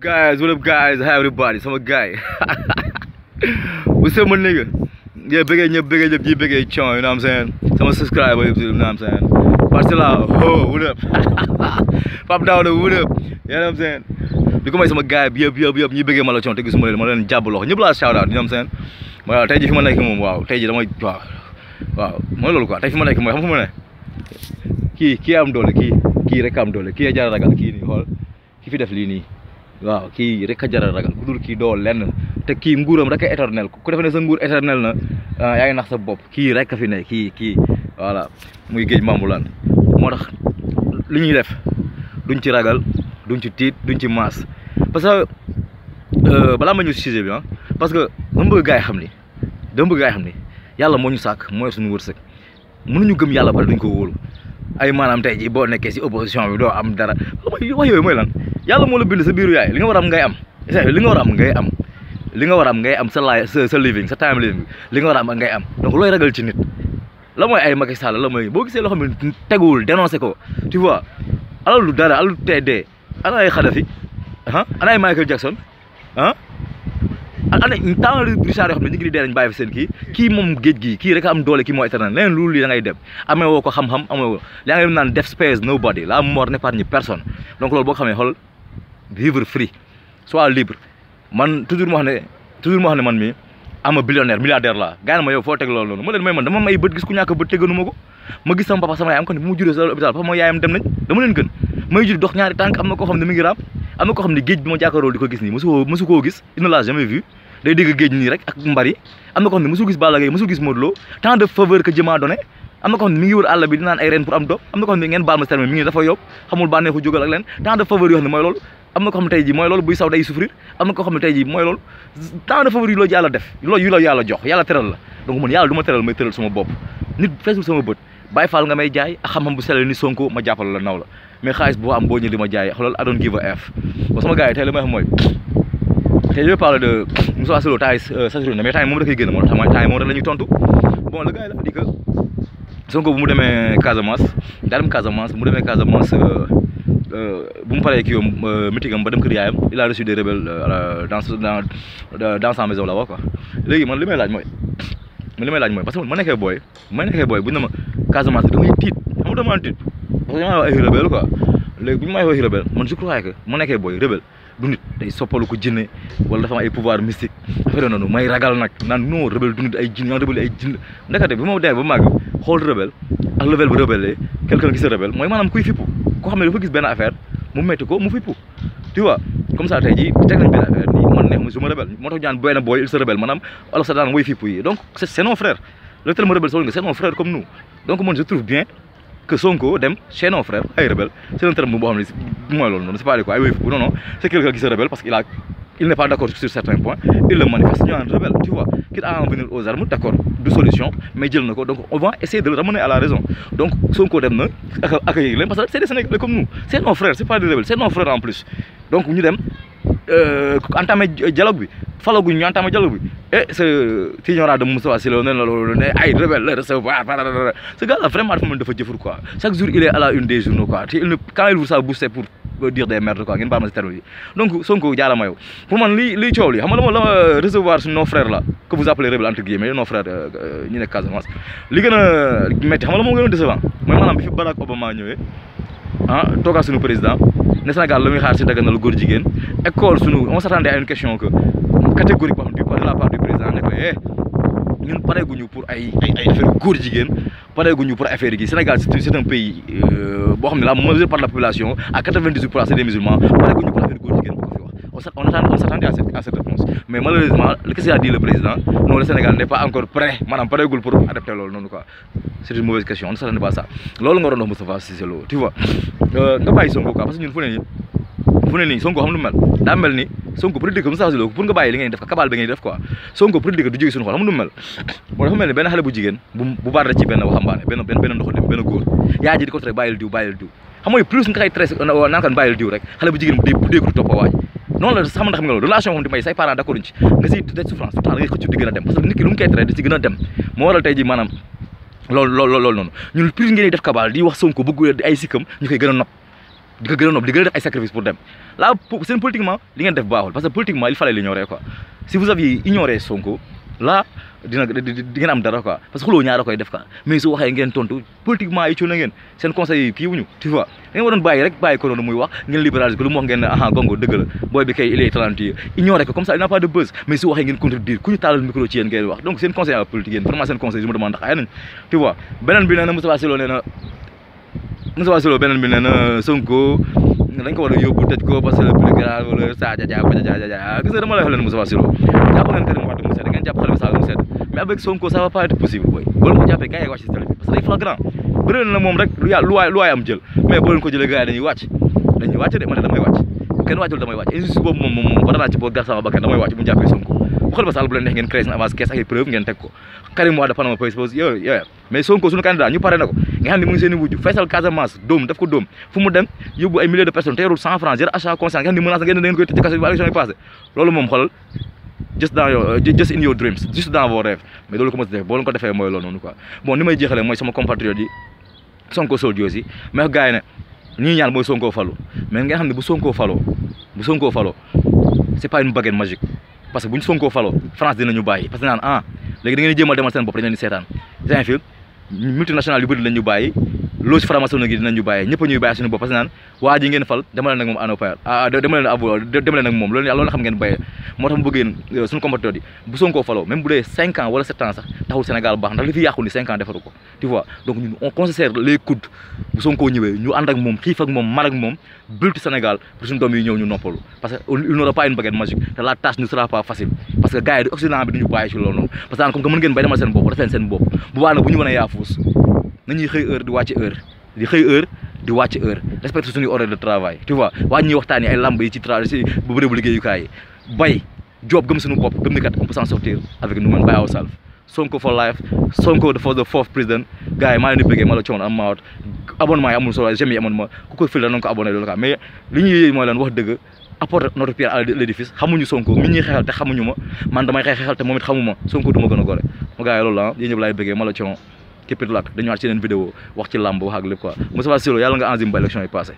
guys what up guys hi sama guy what's up my nigga yeah bëggee ñëpp bëggee ñëpp ñi bëggee coono you know what I'm saying sama subscriber yëpp you know what I'm saying Parcella ho what up Pape Daouda may sama gaay bi yëpp yëpp yëpp ñi bëggee ma la coono te gisuma leen ma leen jàpp loxo ñëpp laa shout out you know what ji fi ma nekk moom waaw tey ji damay waaw waaw mooy loolu quoi tey fi ma mooy xam fu ma kii kii am doole kii kii rek am doole kii a ragal kii nii xool ki fi def lii nii waaw kii rek a jara ragal ku kii doo lenn te kii nguuram rek a éternel ku defe ne sa nguur éternel na ah, yaa ngi nax sa bopp kii rek a fi ne kii kii voilà muy géej Mambulaan moo tax li ñuy def duñ ci ragal duñ ci tiit duñ ci maas parce que euh, balaa ma ñëw si sujet bi ah parce que dama bëgg xam ni dama bëgg gaay ni yàlla moo ñu sàkk mooy suñu wërsëg mënuñu gëm yàlla pare duñ ko wóolu ay maanaam tey ji boo nekkee si opposition bi doo am dara wax yooyu mooy lan yàlla moo la bind sa biiru yaay li nga war am ngay am li nga war am ngay am war am ngay am sa laay sa living sa time living li nga war am ngay am donc looy ragal ci nit la mooy ay Macky Sall la mooy boo gisee loo xam ne teguwul dénoncé ko tu vois alalu dara alalu tee dee ana ay Xadafi ah ana ay Michael Jackson ah am na tant de Richard yoo xam ne ñu dem amee ko xam-xam naan death space nobody la mort n'épargne personne donc boo xamee xool vivre free soit libre man toujours moo xam ne toujours moo xam ne man mi ama billionnaire milliardaire la gars yi yow foo teg loolu noonu leen may man dama may bët gis ku ñàkk bët teganu ma ko ma gis sama papa yaayam dem nañ dama leen gën may jur dox ñaari tànk am na koo xam ne mi ngi raam am na koo xam ne géej bi ma jàkkaaroo di ko gis nii mosu koo mosu gis il ne l'a jamais vu day dégg géej nii rek ak mbar am na ko xam ne mosul gis Balla Gaye mosul gis Modou Lo tant de faveur que Dieu a donné am na ko xam ne mi ngi wër àll bi di naan pour am doom am na ko xam ne ngeen ngi dafa yob xamul bànneexu jógal ak leen tant am na ko xam ne tey mooy loolu buy saw day souffrir yu la yàlla def loolu yu la yàlla jox yàlla teral la donc man yàlla du ma teral may teral bopp nit feesul sama bët bàyyi faal nga may jaay boo am boo ñëw di ma a f te je parle de Moussa Solo Taïs Sassirone mais Taïs moom dafay génn moo tax mooy Taïs moom rek la ñuy tontu bon le gars il a dit que Sonko bu mu demee Casamance daa dem Casamance bu mu demee Casamance bu mu paree kii ba dem kër yaayam il a de des rebelles dans dans sa maison là-bas quoi léegi man li may laaj mooy man li may laaj mooy parce man ma nekkee booy ma nekkee booy bu ñu ma Casamance damay tiit xam nga dama tiit parce que damaa wax ay man je crois que ma du nit day soppalu ku jinne wala dafa am ay pouvoir mystique affaire noonu may ragal nag naan non rebelle du nit ay jinn yaa rebelle ay jinn ndekete bi ma demee ba màgg xool rebelle ak level bu rebelle quelqu'un qui se rebelle mooy maanaam kuy fippu koo xam ne dafa gis benn affaire mu metti ko mu fippu tu vois comme ça tey jii teg nañ benn affaire nii man neexuma su ma rebelle moo tax ñu benn boy il se rebelle maanaam daan woy fippu yi donc c'est c'est nos frères le terme que Sonko dem chez nos frères ay rebelle c'est un terme bon moi c'est pas le quoi non c'est quelqu'un qui se rebelle parce qu'il a il n'est pas d'accord sur certains points il le manifeste est un rebelle tu vois qu'il a en venir aux armes d'accord deux solutions, mais jël donc on va essayer de le ramener à la raison donc Sonko dem na accueille est parce que c'est des Sénégalais comme nous c'est nos frères c'est pas des rebelles c'est nos frères en plus donc nous dem euh, entamer dialogue falaguñ ñoom tamit jëlaguñ et ce si ñoraa de Moussa Silo ne la loolu ne ay rebelle la recevoir ce gars là vraiment dafa mën dafa jëfur quoi chaque jour il est à la une des journaux quoi te il il vous ça boost c'est pour euh, dire des merdes quoi ngeen baal ma si terme yi donc Sonko jaala ma pour man lii coow li la ma la ma euh, recevoir suñu nos vous appelez rebelle entre guillemets nos frères euh, ñu nekk Casamance li gën a métti xam nga la moom gën a bi fi Barack Obama ñëwee ah, La catégorie de la part du président ne eh ñun pareeguñu pour ay ay ay affaire góor jigéen pour affaire yi Sénégal c'est un pays euh, boo xam la majeure part de la population à 98 des musulmans pareeguñu pour affaire góor jigéen ko fi wax on attend on s'attendait à cette à cette réponse mais malheureusement qu'est-ce qu'a dit le président non le Sénégal n'est pas encore prêt maanaam pareegul pour adapter loolu noonu quoi c' C'est une mauvaise question on ne s'attendait pas à ça C'est nga que wax Moustapha c'est Lo tu vois euh, nga bàyyi son quoi parce que ñun fu Sonko xam lu mel daa mel ni Sonko pour di dëkk Moustapha Sy Lo def kabaal bi Sonko pour di dëkk du jóge suñu xol xam mel moo dafa mel ni benn xale bu jigéen bu bu baat ci benn waxambaane benn benn ndoxu dem benn góor yaa ji di ko tere bàyyil diw bàyyil diw xam plus nga koy traité naan kan bàyyil diw rek xale bu jigéen bu dee bu dee ko topp la xam nga xam relation moom di may say parents d'accord ci nga siy daj souffrance tout le temps da di gën dem parce di ko gën def ay sacrifice pour dem là seen politiquement li def baaxul parce que politiquement il fallait l'ignorer quoi si vous aviez ignoré Sonko là dina am dara quoi parce que xuloo ñaara koy def quoi mais su waxee ngeen tontu politiquement ay coono ngeen conseil kii wuñu tu vois da ngeen waroon bàyyi rek ko noonu muy wax ngeen libéraliser ko wax ngeen ah, gongo dëgg booy bi il est talentueux ignoré ko comme ça il pas de buzz me demande ndax ay nañ Moussa Solo beneen bi nee na Sonko dañ ko war a yóbbu tëj ko parce que le plus grand wala saa jaja ba jaja jaja gis nga dama lay wax leen Moussa Solo jàpp ngeen Karim Wade mu seet ngeen jàpp Khalifa Sall mu seet mais avec Sonko ça va pas être possible booy boo leen ko jàppee gars yi wàcc si télé bi parce que day flagrant bëri na moom rek lu waay lu waay am jël mais boo leen ko jëlee gars yi dañuy wàcc dañuy wàcc de man damay wàcc kenn wàccul damay wàcc injustice boobu moom moom moom ba danaa ci boo gar sama bakkan damay wàcc bu ñu jàppee Sonko bu Khalifa Sall bu leen ngeen créé seen avance kees ak ay preuve ngeen teg ko Karim Wade Panama Papers yooyu yooyu mais Sonko pare na ko nga xam mu ngi seen i wujj feesal Casamance dóom daf ko dóom fu mu dem yóbbu ay milliers de personnes te yorul cent francs zéro achat conscience nga xam ne menace ngeen da ngeen uh, ko mos def boo leen ko defee mooy loolu noonu quoi bon ne ñii ñaan mooy Sonko falu mais nga xam bu Sonko faloo bu Sonko faloo c'est pas une baguette magique parce que bu ñu falo faloo France dinañu bàyyi parce que naan ah léegi da ngeen di jéem a demal seen bopp dañ leen di seetaan. multinational yu ñu bàyyi loge franc-maçonnerie gi dinañu bàyyi ñëpp ñuy bàyyi ah, ah, loolu loolu xam euh, ñu ànd ak ñu noppalu parce que il parce que gars di Occident bi duñu bàyyi ci loolu noonu parce que naan comme que mën ngeen bay demal seen bopp def leen bu baax bu ñu wan a yaafuus nañuy xëy heure di wàcc heure di xëy heure di wàcc heure respecté suñuy horaire de travail tu vois wàññi waxtaan yi ay lamb yi ci travail ci bu bërëbu liggéeyukaay bay job gëm suñu bopp gëm ni kat on peut sortir avec nous by ourselves Sonko for life Sonko for the fourth president gars maa leen di bëggee ma la coono am maa yi amul solo jamais yi amoon ko fil da nga ko abonné loolu quoi mais li ñuy yëy mooy lan wax dëgg apporter notre pierre à l'édifice képpitulaat dañu ñëwaat ci yeneen vidéo wax ci làmb wax ak lépp quoi Moustapha Cissé Lo yàlla nga enzim ba élection yi passé